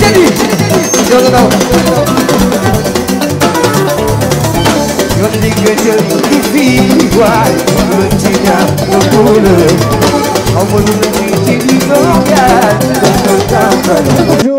jadi Jangan tahu Yondi gajel ifi wai Luntinya mukul Kau menunggu di dunia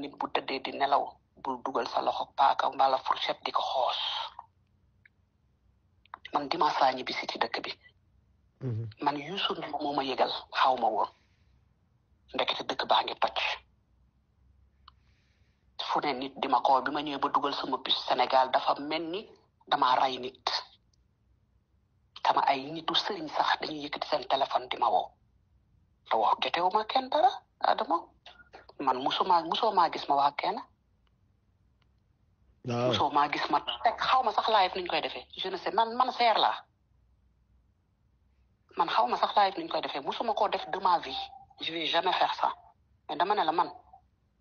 nit bu tëddee di nelaw bul dugal sa loxo paaka mbala fourchette di ko xoos man dimanche laa ñibbisi ci dëkk bi mhm. man Youssou Ndour moo ma yëgal xaw ma woon ndekete dëkk baa ngi toj fu ne nit di ma koo bi ma ñëwee ba dugal sama bis Sénégal dafa mel ni dama ray nit tama ay nitu sëriñ sax dañuy yëkkati seen téléphone di ma woo te wax kenn dara Adama man musuma ma je ne sais man man man de ma vie je vais jamais faire ça mais dama ne la man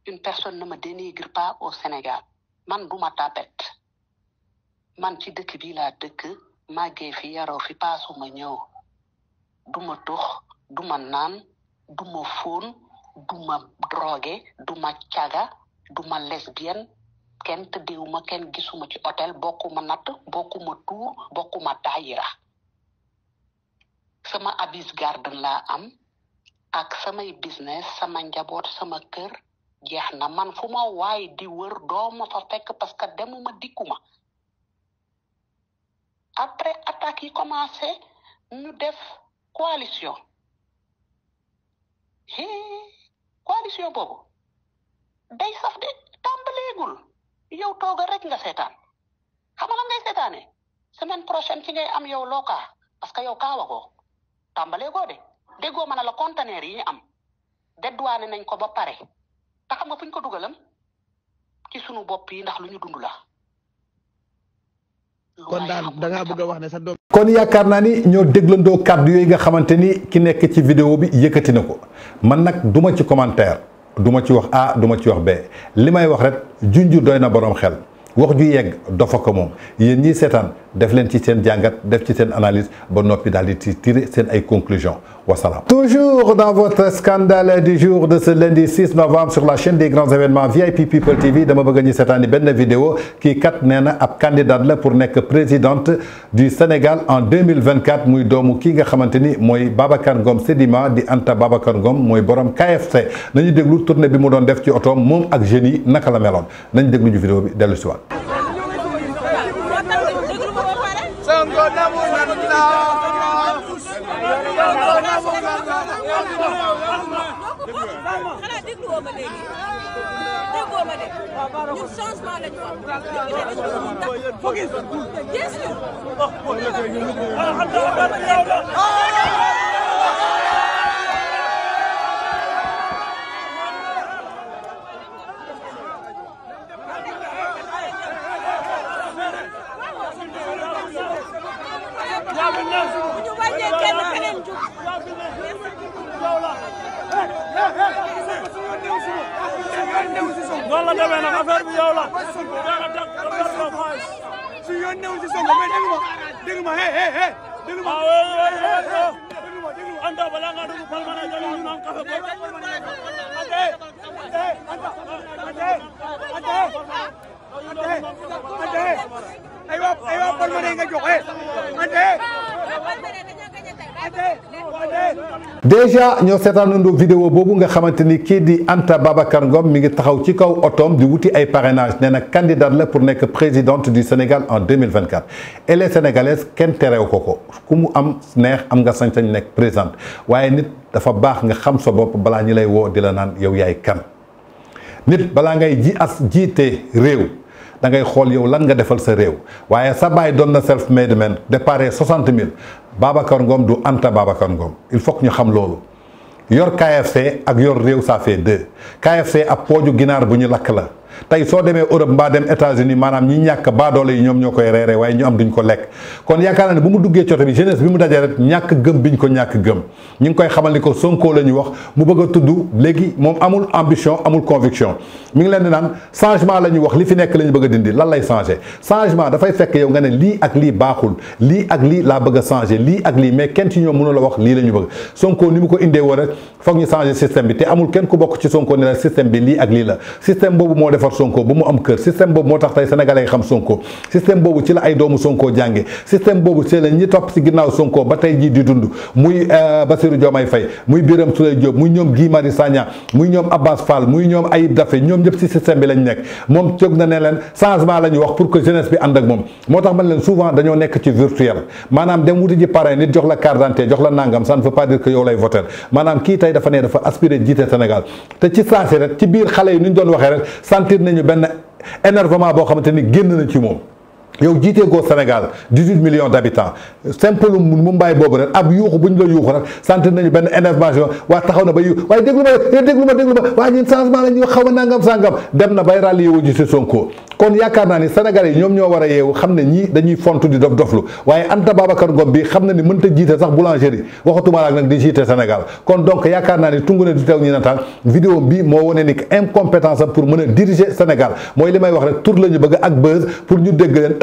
une personne ne me dénigre pas au Sénégal man duma tapet man ci dëkk ne la dëkk màggee fi yaroo fi paasuma ñëw duma duma duma drogue duma caga duma lesbian, kenn tëddeewuma ken gisuma ci hotel, bokuma nat bokuma tour bokuma daayira sama abis garden la am ak samay business sama njabot sama kër jeex na man fu ma waay di wër dooma fa fekk parce que demuma dikkuma après attaque yi commencé ñu def coalition hee coalition boobu day saf de tàmbaleegul yow toga rek nga seetaan kan xam nga ngay seetaane eh? semaine prochaine ci ngay am yow loka kaa parce que yow kaawagoo tàmbaleegoo de déggoo ma la conteneur yi am Dedua nañ ko ba pare te xam nga fuñ ko dugalam ci sunu bopp yi ndax lu ñu la kon daal da ngaa bëgg a wax ne sa doom. kon yaakaar naa ni ñoo déglandoo kàddu yooyu nga xamante ni ki nekk ci vidéo bi yëkkati na ko man nag duma ci commentaire duma ci wax A duma ci wax B li may wax rek junju doy na borom xel. wax ju yegg dafa ko moom yéen ñii seetaan def leen ci seen jàngat def ci seen analyse ba noppi daal di ci tirer ay conclusions wasalaam. toujours dans votre scandale du jour de ce lundi 6 novembre sur la chaîne des grands événements VIP People TV dama bëgg ñu seetaani benn vidéo kii kat nee ab candidate la pour nekk présidente du Sénégal en 2024 muy doomu kii nga xamante ni mooy Babacar Ngom Sedima di Anta Babacar Ngom mooy borom KFC nañu déglu tournée bi mu doon def ci otoom moom ak jeunes yi naka la meloon nañu déglu ñu vidéo bi dellu si نمونن الله يونو نمونن الله خلا ديغلو وما ليغي ديغلو وما ليغي نيو شانجمون لا نيو فوكس يس يو bu ñu wàññee kenn keneen jóg noonu la demee nag affaire bi yow la su yoon newu si Sonko mais dégg ma dégg ma hé hé hé dégg ma anda balaa nga dugg palma na jëlu ñu naan café ko déjà ñoo seetaanandoo vidéo boobu nga xamante ni kii di Anta Babacar Ngom mi ngi taxaw ci kaw otoom di wuti ay parrainage nee na candidate la pour nekk présidente du Sénégal en 2024 elle est sénégalaise kenn terew ko ko ku mu am neex am nga sañ-sañ nekk présidente waaye nit dafa baax nga xam sa bopp balaa ñi lay woo di la naan yow yaay kan nit balaa ngay ji as jiite réew da ngay xool yow lan nga defal sa réew waaye sa baay doon na self made man déparé soixante mille Babacar Ngom du Anta Babacar Ngom il faut ñu xam loolu yor KFC ak yor réew ça fait deux KFC ab pooju ginaar bu ñu lakk la tey soo demee Europe mbaa dem États-Unis maanaam ñi ñàkk baadoole yi ñoom ñoo koy reeree waaye ñu am duñ ko lekk kon yaakaar naa ne bu mu duggee coto bi jeunesse bi mu dajee ñàkk gëm biñ ko ñàkk gëm ñu ngi koy xamal ni ko Sonko la ñu wax mu bëgg a tudd léegi moom amul ambition amul conviction mi ngi leen di naan changement la ñu wax li fi nekk la ñu bëgg dindi lan lay changé changement dafay fekk yow nga ne lii ak lii baaxul lii ak lii laa bëgg a changé ak lii mais kenn ci mënu la wax lii la ñu bëgg Sonko ni mu ko indee foog ñu changé système bi te amul kenn ku bokk ci Sonko ne la ak lii la système boobu moo def defar Sonko bu mu am kër système boobu moo tax tey sénégalais yi xam Sonko système boobu ci la ay doomu Sonko jànge système boobu ci la ñi topp Sonko ba tey jii di dund muy euh, Bassirou Diomaye Faye muy Birame Souleye Diop muy ñoom Guy Marius Sagna muy ñoom Abbas Fall muy ñoom Ayib Daffé bi lañ nekk moom jóg na ne leen changement la wax pour que jeunesse bi ànd ak moom moo tax man leen souvent dañoo nekk ci virtuel maanaam dem wuti ji nit jox la carte d'identité la nangam ça ne veut pas dire que yow lay voter maanaam kii tey dafa sentir nañu benn énervement boo xamante ni génn na ci moom. yow jiitee go Sénégal 18 millions d'habitants. simple Mumbai, bobu rek ab yuuxu buñ la yuuxu rek sant nañu benn énervation Wa taxaw na ba yu waaye déglu ma rek déglu ma déglu ma changement la xaw nangam sangam dem na bay ràlli yeewu ji Sonko kon yaakaar ni Sénégal yi ñoom ñoo wara a xamna ñi dañuy fontu di dof doflu waaye Anta Babacar Ngom bi xamna ni mënta jiite sax boulangerie waxatuma la nak di jiite Sénégal kon donc yaakaar na ni tungu ne du teew ñi na vidéo bi mo woné ni incompétence pour mener diriger Sénégal moy limay wax rek tour lañu bëgg ak buzz pour ñu dégg leen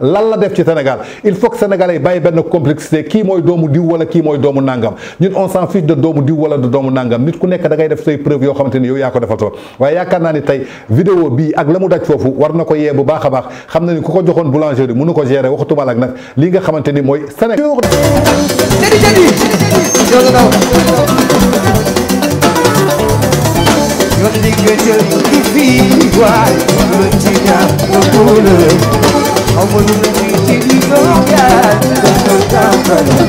lan la Sénégal il faut que sénégalais baye ben complexité ki moy doomu diw wala qui moy doomu nangam ñun on s'en fiche de doomu diw wala de doomu nangam nit ku nekk da ngay def say preuve yo xamanteni yow ko defal vidéo bi ak lamu daj war na ko bu baax xam ni ku ko ko gérer li nga ọmọ olùdókè ti di gbọ́ngàn tó tó dáńtọ̀ lọ́wọ́.